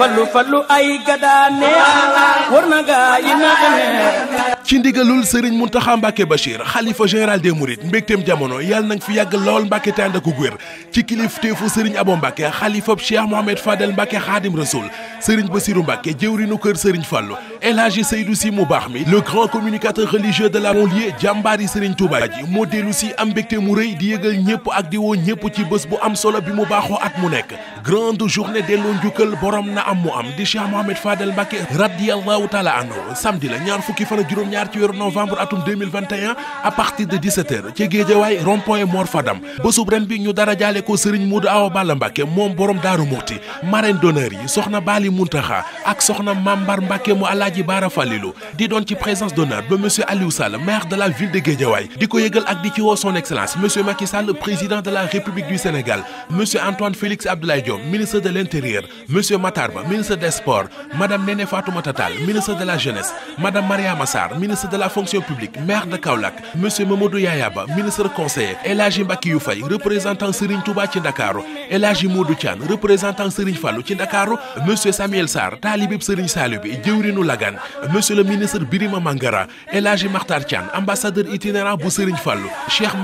fallu fallu ay gadaane war na gaa yi na ci ndigalul Serigne Mountakha Mbacké Bachir xalifa général des Mourides mbégteem jamono yàlla na fi yàgg lool Mbacké te ànd ak wér ci kilifteefu Serigne Abo Mbacké xalifa Cheikh Mohamed Fadel Mbacké Khadim Rasoul Serigne Bassirou Mbacké jëwriñu kër Serigne Fallou El Hadji Seydou Sy mu baax mi le grand communicateur religieux de la banlieue jàmbaari Serigne Touba ji moo dellu si am mbégte mu rëy di yëgal ñëpp ak di ñëpp ci bés bu am solo bi mu baaxoo at mu nekk grande journée delloo njukkal borom na am mu am di Cheikh Mohamed Fadel Mbacké radiallahu taala anhu samedi la ñaar fukki fan juróom-ñaar ci weeru novembre atum 2021 partir de 17h ci Géejawaay rond-point Fadam bésub ren bi ñu dara jaale ko Serigne Modou Awa Balla Mbacké moom borom Daaru Muxti marraine d'honneur yi soxna Bali Muntaxa ak soxna Mambar Mbacké mu Alaaji Baara Falilu di doon ci présence d'honneur ba monsieur Aliou Sall maire de la ville di ko Diop ministre de l'intérieur monsieur Matar Ba ministre des sports madame Néné Fatoumata Tall ministre de la jeunesse madame Mariama Sarr ministre de la fonction publique maire de Kaolack monsieur Mamadou Yaya ministre conseiller El Hadji Mbackiyou Faye représentant Serigne ci Ndakaaru El Hadji Modou Thiane représentant Serigne Fallou ci Ndakaaru monsieur Samuel Sarr taalibeb Serigne Saliou bi jëwrinu monsieur le ministre Birima Mangara El Hadji Makhtar Thiane ambassadeur itinérant bu Serigne Fallou Cheikh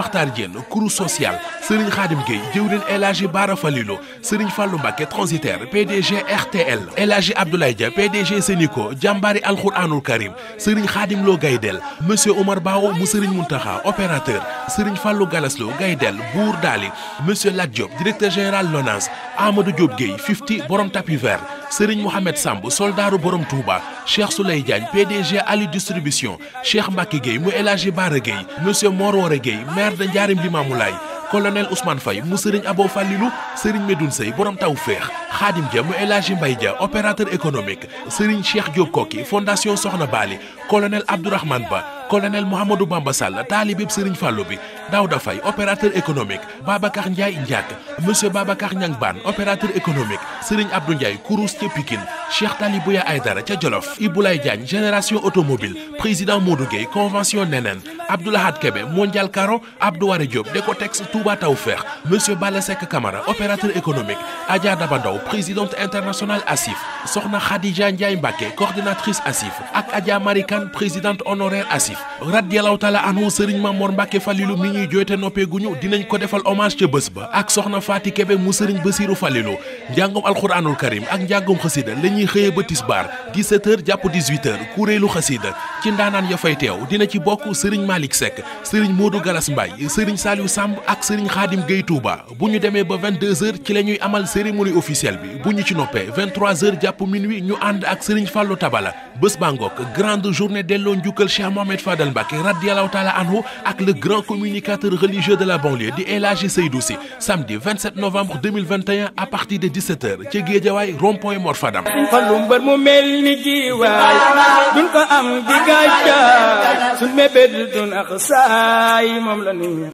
Fallou Mbacké transitaire PDG RTL El Hadji Abdoulaye Dia PDG Sénico jàmbaari alxuraanul karim Serigne Khadim Lo Gaydel monsieur Omar Bao mu Serigne Mountakha opérateur Serigne Fallou Galaslo Gaydel Bour Dali monsieur Lat Diop directeur général LONASE Amadou Diop Guèye Fifty borom tapis vert Serigne Mohamed Samb soldaaru borom Touba Cheikh Souley Diagne PDG Ali Distribution Cheikh Mbacké Guèye mu El Hadji Bara Guèye monsieur Mor Woré Guèye maire de Ndiarème Limamoulaye colonel Ousmane Faye mu sëriñ Abo Fallilou sëriñ Medoun Sey borom taw féex Xaadim Dia mu El Hadji Mbaye Dia opérateur économique sëriñ Cheikh Diop Koki fondation Soxna Baali colonel Abdourahmane Ba colonel Mouhamadou Bamba Sall taalibeb sëriñ Fallou bi Daouda Faye opérateur économique Babacar Ndiaye Ndiak monsieur Babacar Niang Bane opérateur économique sëriñ Abdou Ndiaye Kourouss ca Pikine Cheikh ay dara ca Jolof Iboulaye Diagne génération automobile président Modou Gueye convention neneen karo Abdoulahad Kebe Mondial Caro Abdou Waré Diop Décotex Touba Tawfekh Monsieur Balla Seck Camara opérateur économique Adja Daba Ndaw présidente internationale ASIF soxna Khadija Ndiaye Mbacke coordinatrice ASIF ak Adja Marikan présidente honoraire ASIF radiallahu taala anhu sëriñ Mamor Mbacke Falilu mi ñuy jooyte noppee guñu dinañ ko defal hommage ca bés ba ak soxna Faati Kebe mu sëriñ Basiru Falilu njàngum alxuraanul karim ak njàngum xasida la ñuy xëyee ba tisbaar 17h jàpp 18h kuréelu xasida ci ndaanaan ya fay teew dina ci bokk sëriñ Malick Seck sëriñ Modou Galas Mbaye sëriñ Saliou Samb ak sëriñ Khadim Gueye Touba bu ñu demee ba 22h ci la ñuy amal cérémonie officielle bi bu ñu ci noppee 23h jàpp jàpp minuit ñu ànd ak Serigne Fallou Tabala bés bangok grande journée delloo njukkal Cheikh Mohamed Fadel Mbacké radiallahu taala anhu ak le grand communicateur religieux de la banlieue di El Hadji Seydou Sy samedi 27 novembre 2021 à partir de 17h ci Guédiawaye rond-point Mor Fadam Fallou mbër mu mel ni giwaay duñ ko am di gàccaay suñ mébét duñ ak saay moom la